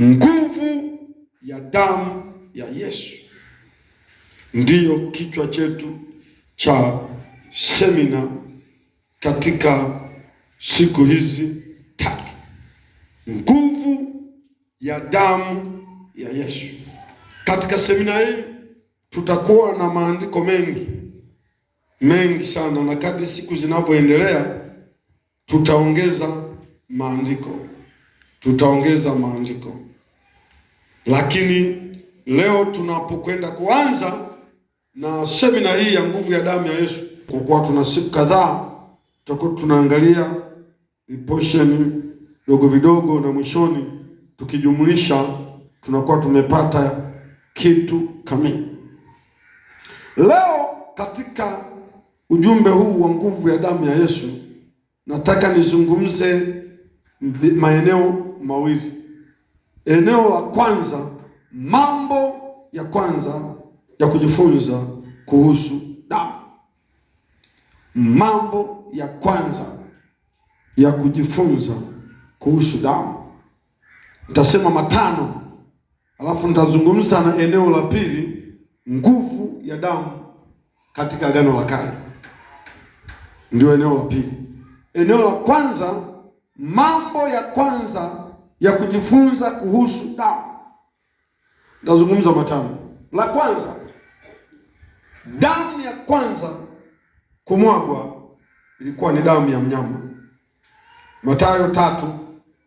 Nguvu ya damu ya Yesu ndiyo kichwa chetu cha semina katika siku hizi tatu. Nguvu ya damu ya Yesu. Katika semina hii tutakuwa na maandiko mengi mengi sana, na kadri siku zinavyoendelea tutaongeza maandiko tutaongeza maandiko. Lakini leo tunapokwenda kuanza na semina hii ya nguvu ya damu ya Yesu, kwa kuwa tuna siku kadhaa, tutakuwa tunaangalia viposheni vidogo vidogo, na mwishoni tukijumlisha tunakuwa tumepata kitu kamili. Leo katika ujumbe huu wa nguvu ya damu ya Yesu nataka nizungumze maeneo mawili. Eneo la kwanza, mambo ya kwanza ya kujifunza kuhusu damu. Mambo ya kwanza ya kujifunza kuhusu damu, nitasema matano, alafu nitazungumza na eneo la pili, nguvu ya damu katika Agano la Kale, ndio eneo la pili. Eneo la kwanza, mambo ya kwanza ya kujifunza kuhusu damu. Nazungumza matano. La kwanza, damu ya kwanza kumwagwa ilikuwa ni damu ya mnyama. Mathayo tatu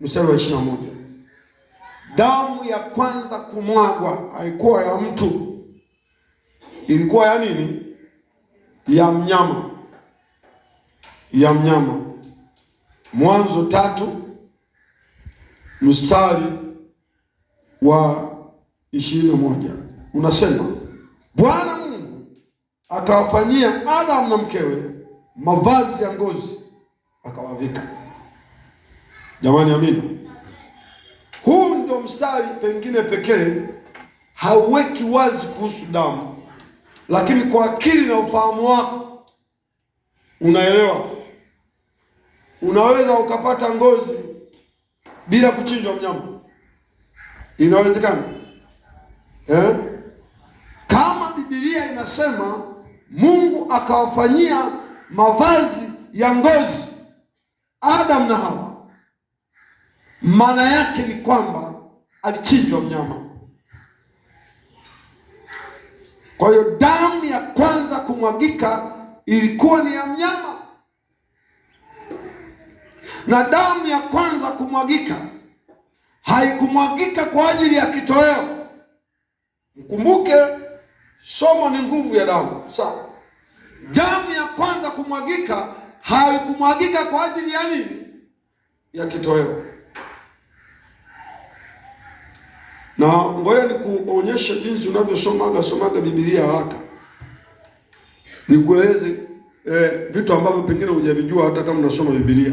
mstari wa ishirini na moja. Damu ya kwanza kumwagwa haikuwa ya mtu, ilikuwa ya nini? Ya mnyama, ya mnyama. Mwanzo tatu mstari wa ishirini na moja unasema, Bwana Mungu akawafanyia Adamu na mkewe mavazi ya ngozi akawavika. Jamani, amina. Huu ndio mstari pengine pekee hauweki wazi kuhusu damu, lakini kwa akili na ufahamu wako unaelewa, unaweza ukapata ngozi bila kuchinjwa mnyama. Inawezekana eh? Kama Biblia inasema Mungu akawafanyia mavazi ya ngozi Adam na Hawa, maana yake ni kwamba alichinjwa mnyama. Kwa hiyo damu ya kwanza kumwagika ilikuwa ni ya mnyama na damu ya kwanza kumwagika haikumwagika kwa ajili ya kitoweo. Mkumbuke somo ni nguvu ya damu, sawa? Damu ya kwanza kumwagika haikumwagika kwa ajili ya nini? Ya kitoweo. Na ngoja nikuonyeshe jinsi unavyosomaga somaga Biblia haraka, nikueleze eh, vitu ambavyo pengine hujavijua hata kama unasoma Biblia.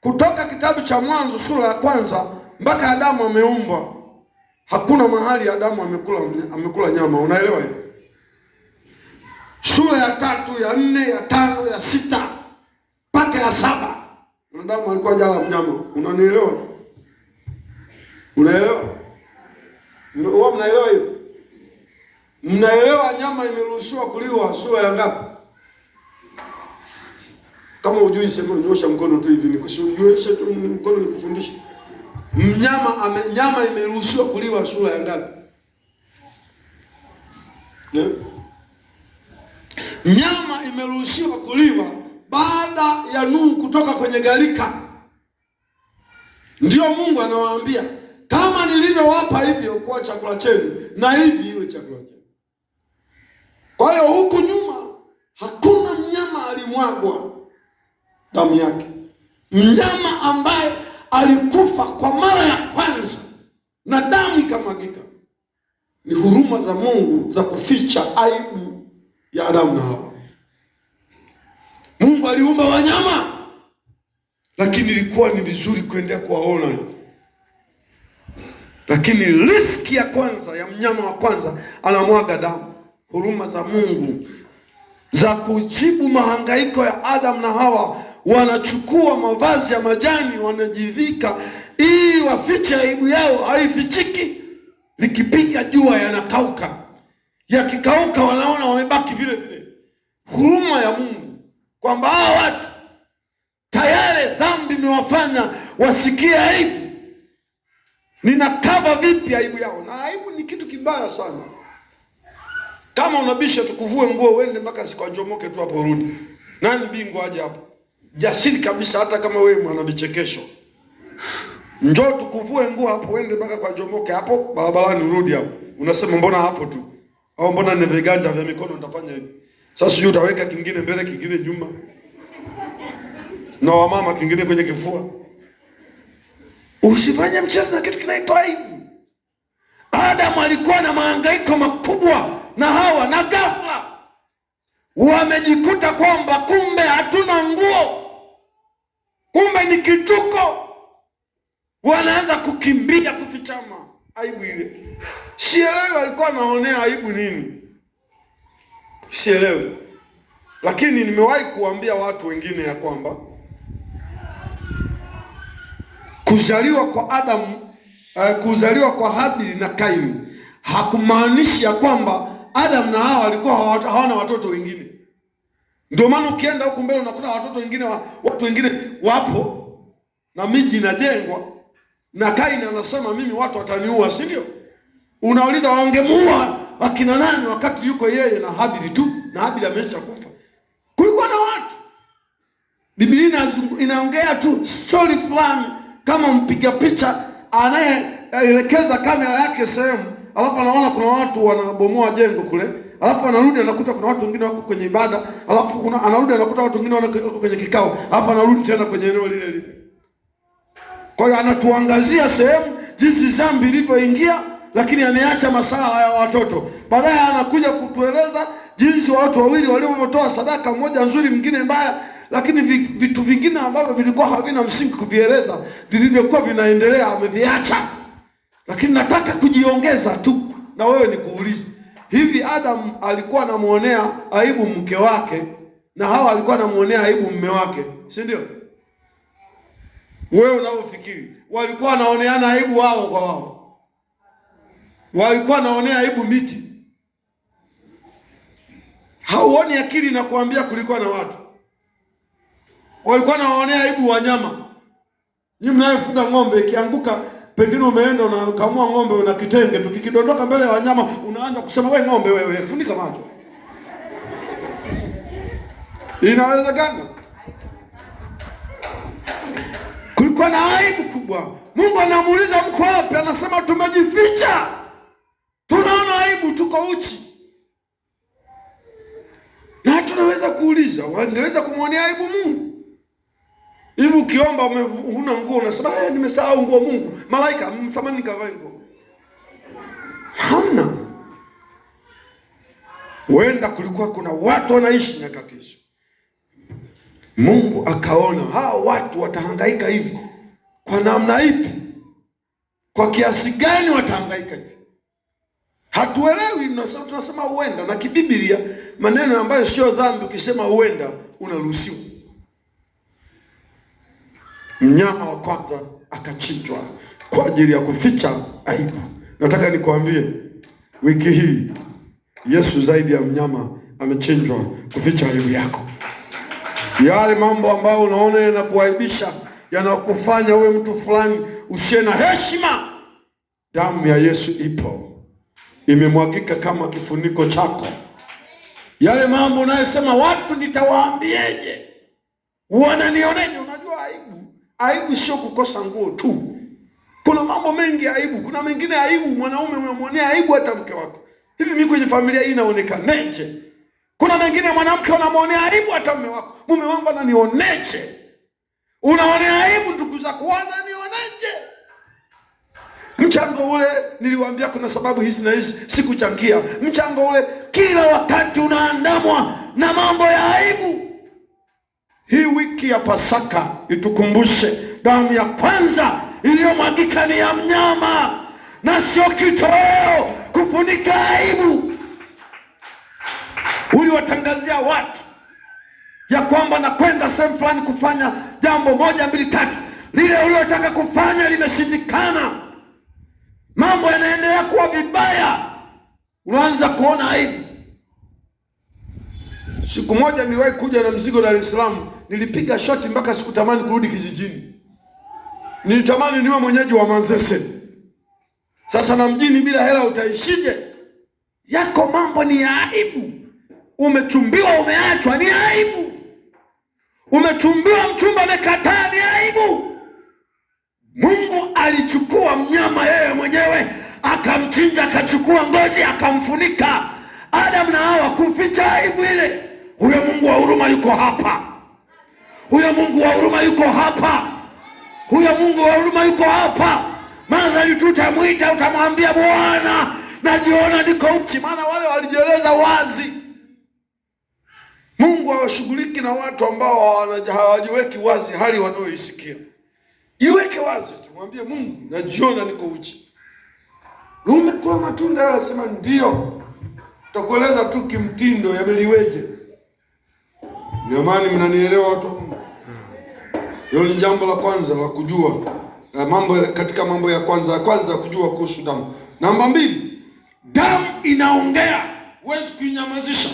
Kutoka kitabu cha Mwanzo sura ya kwanza mpaka Adamu ameumbwa, hakuna mahali Adamu amekula amekula nyama. Unaelewa hiyo? Sura ya tatu, ya nne, ya tano, ya sita mpaka ya saba Adamu alikuwa jala mnyama. Unanielewa? Unaelewa? Wewe mnaelewa hiyo? Mnaelewa nyama imeruhusiwa kuliwa sura ya ngapi? Kama hujui sema nyosha mkono tu hivi, nikushushe tu mkono nikufundishe. Mnyama ame, nyama imeruhusiwa kuliwa sura ya ngapi? Ne? Nyama imeruhusiwa kuliwa baada ya Nuhu kutoka kwenye gharika. Ndiyo Mungu anawaambia kama nilivyowapa hivyo kuwa chakula chenu, na hivi iwe chakula chenu. Kwa hiyo huku nyuma hakuna mnyama alimwagwa damu yake. Mnyama ambaye alikufa kwa mara ya kwanza na damu ikamwagika, ni huruma za Mungu za kuficha aibu ya Adamu na Hawa. Mungu aliumba wanyama, lakini ilikuwa ni vizuri kuendelea kuwaona. Lakini riski ya kwanza ya mnyama wa kwanza anamwaga damu. Huruma za Mungu za kujibu mahangaiko ya Adamu na Hawa wanachukua mavazi ya majani wanajivika, ili wafiche aibu yao. Haifichiki, likipiga jua yanakauka, yakikauka wanaona wamebaki vile vile. Huruma ya Mungu kwamba hawa watu tayari dhambi imewafanya wasikie aibu, ninakava vipi aibu yao? Na aibu ni kitu kibaya sana. Kama unabisha tukuvue nguo uende mpaka sikuajomoke tu hapo, rudi Nani bingwa aje hapo? jasiri kabisa, hata kama wewe mwana vichekesho, njoo tukuvue nguo hapo, uende mpaka kwa Jomoke hapo barabarani, urudi hapo, unasema mbona hapo tu, au mbona ni viganja vya mikono nitafanya hivi. Sasa sijui utaweka kingine mbele, kingine nyuma, na wamama kingine kwenye kifua. Usifanye mchezo na kitu kinaitwa aibu. Adamu alikuwa na mahangaiko makubwa na Hawa, na ghafla wamejikuta kwamba kumbe hatuna nguo. Kumbe ni kituko, wanaanza kukimbia kufichama aibu ile. Sielewi walikuwa wanaonea aibu nini, sielewi. Lakini nimewahi kuambia watu wengine ya kwamba kuzaliwa kwa Adamu, uh, eh, kuzaliwa kwa Habili na Kaini hakumaanishi ya kwamba Adamu na Hawa walikuwa hawana watoto wengine. Ndio maana ukienda huku mbele unakuta watoto wengine wa, watu wengine wapo na miji inajengwa, na Kaini anasema mimi watu wataniua, si ndio? Unauliza, wangemuua wakina nani wakati yuko yeye na Habili tu, na Habili ameisha kufa. Kulikuwa na watu, Biblia inaongea tu story fulani, kama mpiga picha anayeelekeza kamera yake sehemu, alafu anaona kuna watu wanabomoa jengo kule alafu anarudi anakuta kuna watu wengine wako kwenye ibada, alafu kuna anarudi anakuta watu wengine wako kwenye kikao, alafu anarudi tena kwenye eneo lile lile. Kwa hiyo anatuangazia sehemu jinsi dhambi ilivyoingia, lakini ameacha masaa ya watoto. Baadaye anakuja kutueleza jinsi watu wawili walivyotoa sadaka, mmoja nzuri, mwingine mbaya, lakini vitu vingine ambavyo vilikuwa havina msingi kuvieleza, vilivyokuwa vinaendelea ameviacha. Lakini nataka kujiongeza tu na wewe nikuulize hivi Adam alikuwa anamwonea aibu mke wake na Hawa alikuwa anamuonea aibu mme wake, si ndio? Wewe unavyofikiri walikuwa wanaoneana aibu wao kwa wao, walikuwa wanaonea aibu miti. Hauoni akili na kuambia kulikuwa na watu walikuwa wanaonea aibu wanyama. Nyinyi mnayofuga ng'ombe ikianguka Pengine umeenda unakamua ng'ombe, una kitenge, tukikidondoka mbele ya wanyama unaanza kusema we ng'ombe, wewe funika macho. Inawezekana? Kulikuwa na aibu kubwa. Mungu anamuuliza mko wapi? Anasema tumejificha, tunaona aibu, tuko uchi. Na tunaweza kuuliza, wangeweza kumwonea aibu Mungu? Hivi ukiomba una nguo unasema eh, nimesahau nguo Mungu. Malaika, msamani mm, nikavae nguo. Hamna. Huenda kulikuwa kuna watu wanaishi nyakati hizo. Mungu akaona hao watu watahangaika hivi. Kwa namna ipi? Kwa kiasi gani watahangaika hivi? Hatuelewi, tunasema huenda, na kibiblia maneno ambayo sio dhambi, ukisema huenda unaruhusiwa mnyama wa kwanza akachinjwa kwa ajili ya kuficha aibu. Nataka nikuambie wiki hii Yesu zaidi ya mnyama amechinjwa kuficha aibu yako. Yale mambo ambayo unaona yanakuaibisha, yanakufanya uwe mtu fulani usiye na heshima, damu ya Yesu ipo, imemwagika kama kifuniko chako. Yale mambo unayosema watu nitawaambieje, wananioneje, unajua aibu Aibu sio kukosa nguo tu, kuna mambo mengi ya aibu. Kuna mengine aibu mwanaume unamwonea aibu hata mke wako. Hivi mimi kwenye familia hii inaonekaneje? Kuna mengine mwanamke unamwonea aibu hata mume wako, mume wangu ananioneje? Unaonea aibu ndugu zako, wananioneje? Mchango ule niliwaambia, kuna sababu hizi na hizi, sikuchangia mchango ule. Kila wakati unaandamwa na mambo ya aibu. Hii wiki ya Pasaka itukumbushe damu ya kwanza iliyomwagika ni ya mnyama na sio kitoweo kufunika aibu. Uliwatangazia watu ya kwamba nakwenda sehemu fulani kufanya jambo moja mbili tatu, lile uliotaka kufanya limeshindikana, mambo yanaendelea kuwa vibaya, unaanza kuona aibu. Siku moja niliwahi kuja na mzigo Dar es Salaam, nilipiga shoti mpaka sikutamani kurudi kijijini. Nilitamani niwe mwenyeji wa Manzese. Sasa na mjini bila hela utaishije? Yako mambo ni ya aibu. umechumbiwa, umeachwa, ni aibu. umechumbiwa mchumba amekataa, ni aibu. Mungu alichukua mnyama yeye mwenyewe akamchinja, akachukua ngozi, akamfunika Adamu na Hawa kuficha aibu ile. Huyo Mungu wa huruma yuko hapa, huyo Mungu wa huruma yuko hapa, huyo Mungu wa huruma yuko hapa. Madhali tutamwita utamwambia, Bwana, najiona niko uchi. Maana wale walijieleza wazi. Mungu hawashughuliki na watu ambao hawajiweki wazi hali wanayoisikia. Jiweke wazi, tumwambie Mungu, najiona niko uchi. Umekula matunda? Yeye anasema ndio. Takueleza tu kimtindo, yameliweje ndio mnanielewa watu Hilo ni jambo la kwanza la kujua eh, mambo, katika mambo ya kwanza ya kwanza kujua kuhusu damu. Namba mbili, damu inaongea, huwezi kuinyamazisha.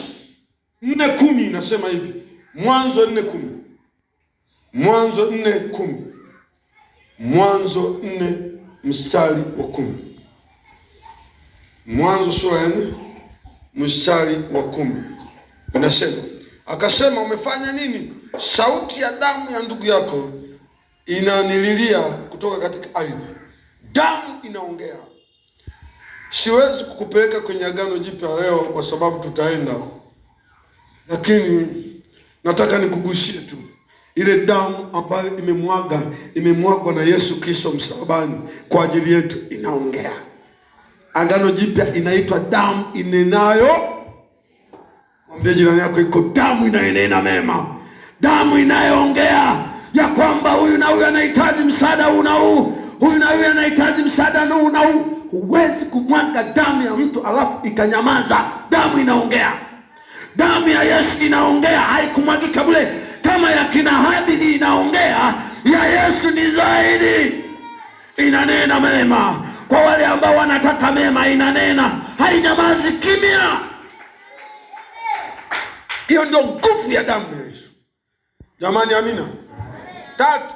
nne kumi inasema hivi, Mwanzo nne kumi Mwanzo nne kumi Mwanzo nne mstari wa kumi Mwanzo sura ya nne mstari wa kumi unasema akasema, umefanya nini? Sauti ya damu ya ndugu yako inanililia kutoka katika ardhi. Damu inaongea. Siwezi kukupeleka kwenye agano jipya leo kwa sababu tutaenda, lakini nataka nikugusie tu ile damu ambayo imemwaga imemwagwa na Yesu Kristo msalabani kwa ajili yetu inaongea. Agano jipya inaitwa damu inenayo Mwambie jirani yako, iko damu inayonena mema, damu inayoongea ya kwamba huyu na huyu anahitaji msaada huu na huu, huyu na huyu anahitaji msaada huu na huu. Huwezi kumwaga damu ya mtu alafu ikanyamaza. Damu inaongea, damu ya Yesu inaongea, haikumwagika bule kama ya kina Habili. Inaongea ya Yesu ni zaidi, inanena mema kwa wale ambao wanataka mema, inanena, hainyamazi kimya. Hiyo ndio nguvu ya damu ya Yesu. Jamani, amina. Tatu,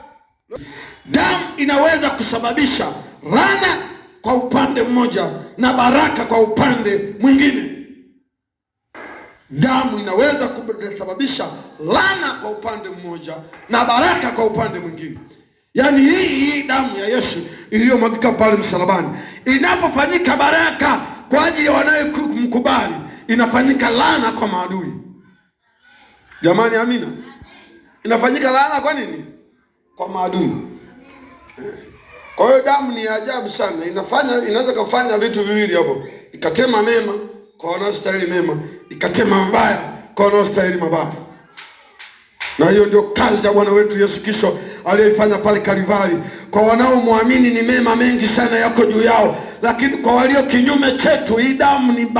damu inaweza kusababisha laana kwa upande mmoja na baraka kwa upande mwingine. Damu inaweza kusababisha laana kwa upande mmoja na baraka kwa upande mwingine. Yaani hii hii damu ya Yesu iliyomwagika pale msalabani inapofanyika baraka kwa ajili ya wanayemkubali, inafanyika laana kwa maadui. Jamani, amina. Inafanyika laana kwa nini? Kwa maadui. Kwa hiyo damu ni ajabu sana, inafanya inaweza kufanya vitu viwili hapo, ikatema mema kwa wanaostahili mema, ikatema mabaya kwa wanaostahili mabaya na hiyo ndio kazi ya Bwana wetu Yesu Kristo aliyoifanya pale Kalivari. Kwa wanaomwamini ni mema mengi sana yako juu yao, lakini kwa walio kinyume chetu, hii damu ni,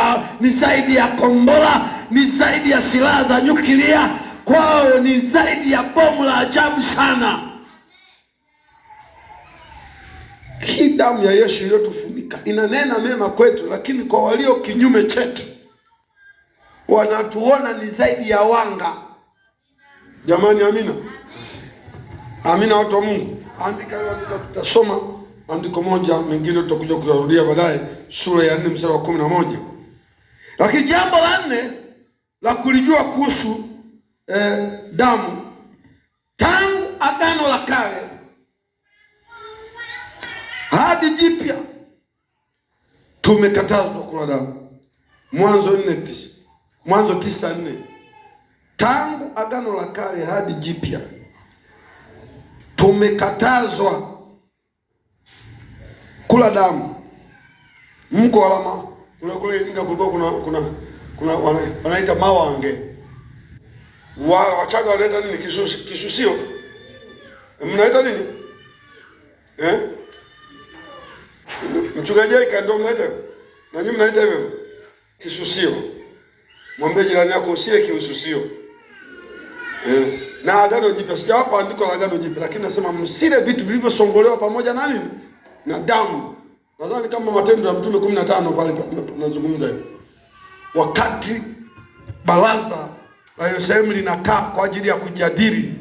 ni zaidi ya kombora, ni zaidi ya silaha za nyuklia, kwao ni zaidi ya bomu la ajabu sana. Hii damu ya Yesu iliyotufunika inanena mema kwetu, lakini kwa walio kinyume chetu wanatuona ni zaidi ya wanga. Jamani, amina amina, watu wa Mungu, andika tutasoma andiko moja, mengine tutakuja kurudia baadaye, sura ya nne mstari wa kumi na moja. Lakini jambo la nne la kulijua kuhusu eh, damu tangu agano la kale hadi jipya tumekatazwa kula damu. Mwanzo nne tisa Mwanzo tisa nne Tangu Agano la Kale hadi Jipya tumekatazwa kula damu. Mko alama kule kule Iringa kulikuwa kuna kuna kuna wanaita mawange wa Wachaga wanaita nini? Kisusi, kisusio mnaita nini eh? Mchungaji ndio mnaita na nyinyi mnaita hivyo kisusio. Mwambie jirani yako usile kisusio. Eh, na agano jipya. Sijawapa andiko la agano jipya, lakini nasema msile vitu vilivyosongolewa pamoja na nini na damu. Nadhani kama Matendo ya Mtume 15 pale tunazungumza hiyo, wakati baraza la Yerusalemu linakaa kwa ajili ya kujadili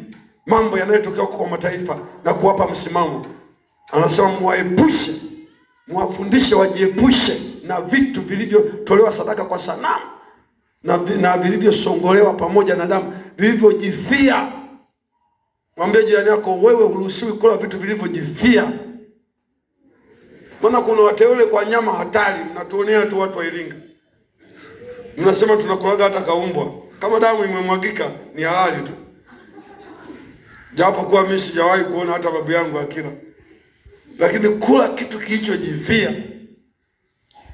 mambo yanayotokea huko kwa mataifa na kuwapa msimamo, anasema mwaepushe, mwafundishe wajiepushe na vitu vilivyotolewa sadaka kwa sanamu na, na vilivyosongolewa pamoja na damu vilivyojifia. Mwambie jirani yako, wewe huruhusiwi kula vitu vilivyojifia, maana kuna wateule kwa nyama hatari. Mnatuonea tu watu wa Iringa, mnasema tunakulaga hata kaumbwa. Kama damu imemwagika ni halali tu, japo kuwa mimi sijawahi kuona hata babu yangu akila, lakini kula kitu kilichojifia.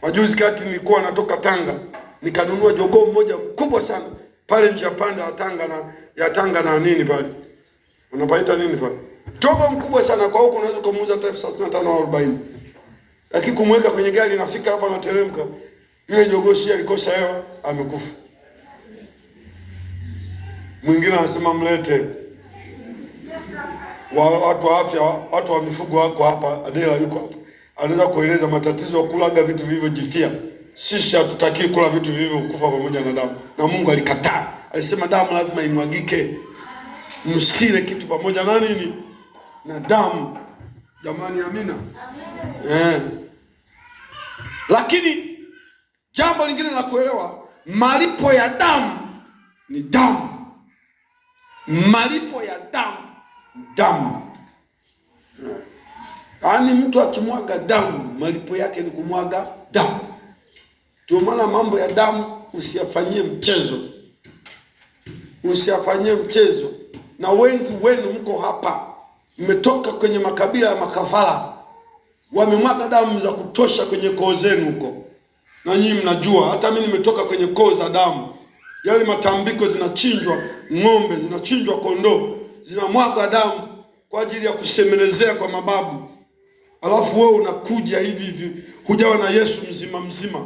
Majuzi kati nilikuwa natoka Tanga nikanunua jogoo mmoja mkubwa sana pale njia panda ya Tanga na ya Tanga na nini pale unapaita nini pale, jogoo mkubwa sana kwa huko unaweza kumuuza hata elfu thelathini na tano au arobaini, lakini kumweka kwenye gari nafika hapa nateremka, yule jogoo si alikosa hewa amekufa. Mwingine anasema mlete wa watu wa afya, watu wa mifugo wako hapa. Adela yuko hapa, anaweza kueleza matatizo ya kulaga vitu vilivyojifia sisi hatutakii kula vitu vivyo kufa pamoja na damu, na Mungu alikataa, alisema damu lazima imwagike, msile kitu pamoja na nini na damu. Jamani, amina, Eh. Lakini jambo lingine la kuelewa, malipo ya damu ni damu, malipo ya damu damu. Yaani mtu akimwaga damu, malipo yake ni kumwaga damu. Ndio maana mambo ya damu usiyafanyie mchezo, usiyafanyie mchezo. Na wengi wenu mko hapa, mmetoka kwenye makabila ya makafara, wamemwaga damu za kutosha kwenye koo zenu huko, na nyinyi mnajua. Hata mimi nimetoka kwenye koo za damu, yale matambiko, zinachinjwa ng'ombe, zinachinjwa kondoo, zinamwaga damu kwa ajili ya kusemelezea kwa mababu, alafu wewe unakuja hivi hivi, hujawa na Yesu mzima mzima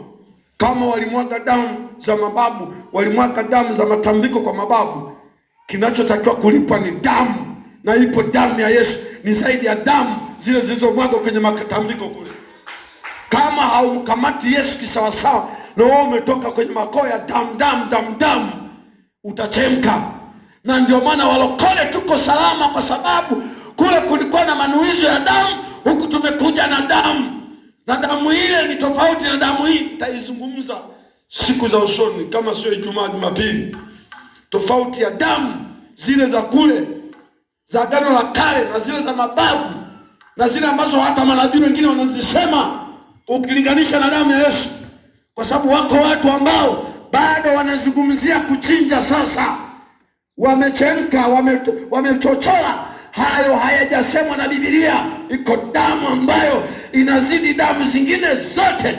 kama walimwaga damu za mababu, walimwaga damu za matambiko kwa mababu, kinachotakiwa kulipwa ni damu, na ipo damu ya Yesu, ni zaidi ya damu zile zilizomwagwa kwenye matambiko kule. Kama haumkamati Yesu kisawasawa na wewe umetoka kwenye makoo ya damu, damu, damu, damu, utachemka. Na ndio maana walokole tuko salama, kwa sababu kule kulikuwa na manuizo ya damu, huku tumekuja na damu na damu ile ni tofauti na damu hii. Nitaizungumza siku za usoni, kama sio Ijumaa, Jumapili, tofauti ya damu zile za kule za Agano la Kale na zile za mababu na zile ambazo hata manabii wengine wanazisema ukilinganisha na damu ya Yesu, kwa sababu wako watu ambao bado wanazungumzia kuchinja. Sasa wamechemka, wame hayo hayajasemwa na bibilia Iko damu ambayo inazidi damu zingine zote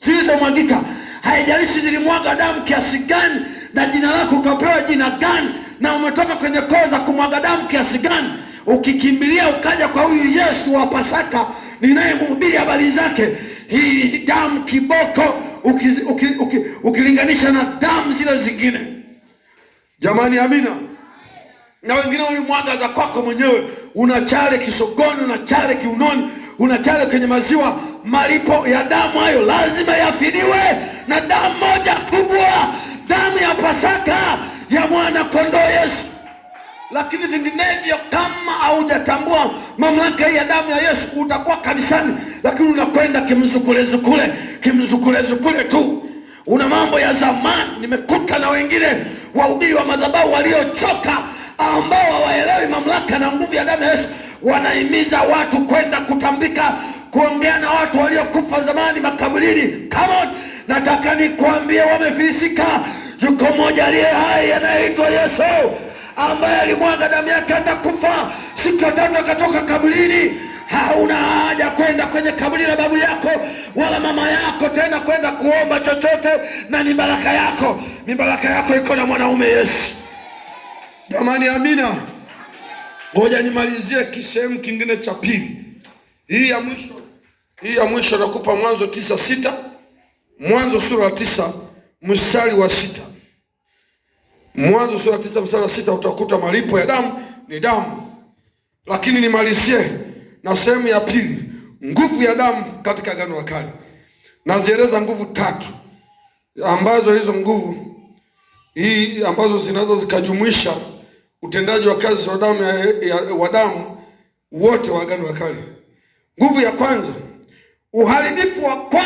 zilizomwagika. Haijalishi zilimwaga damu kiasi gani, na jina lako ukapewa jina gani, na umetoka kwenye koo za kumwaga damu kiasi gani, ukikimbilia ukaja kwa huyu Yesu wa Pasaka ninayemhubiri habari zake, hii damu kiboko ukilinganisha uki, uki, uki na damu zile zingine. Jamani, amina na wengine ulimwaga za kwako mwenyewe, una chale kisogoni, una chale kiunoni, una chale kwenye maziwa. Malipo ya damu hayo lazima yafidiwe na damu moja kubwa, damu ya Pasaka ya mwana kondoo Yesu. Lakini vinginevyo, kama haujatambua mamlaka hii ya damu ya Yesu, utakuwa kanisani, lakini unakwenda kimzukulezukule, kimzukulezukule tu una mambo ya zamani. Nimekuta na wengine wahubiri wa madhabahu waliochoka ambao hawaelewi mamlaka na nguvu ya damu ya Yesu wanahimiza watu kwenda kutambika, kuongea na watu waliokufa zamani makaburini. Come on, nataka nikuambie, wamefilisika. Yuko mmoja aliye hai anayeitwa Yesu ambaye alimwaga damu yake atakufa, siku ya tatu akatoka kaburini. Hauna haja kwenda kwenye kaburi la babu yako wala mama yako tena kwenda kuomba chochote, na ni baraka yako, ni baraka yako iko na mwanaume Yesu. Jamani, amina. Ngoja nimalizie kisehemu kingine cha pili, hii ya mwisho. Hii ya mwisho nakupa Mwanzo tisa sita, Mwanzo sura tisa mstari wa sita. Mwanzo sura tisa mstari wa sita utakuta malipo ya damu ni damu, lakini nimalizie na sehemu ya pili, nguvu ya damu katika Agano la Kale. Nazieleza nguvu tatu ambazo hizo nguvu hii ambazo zinazo zikajumuisha utendaji wa kazi wa damu wote wa Agano la Kale. Nguvu ya kwanza, uharibifu wa kwanza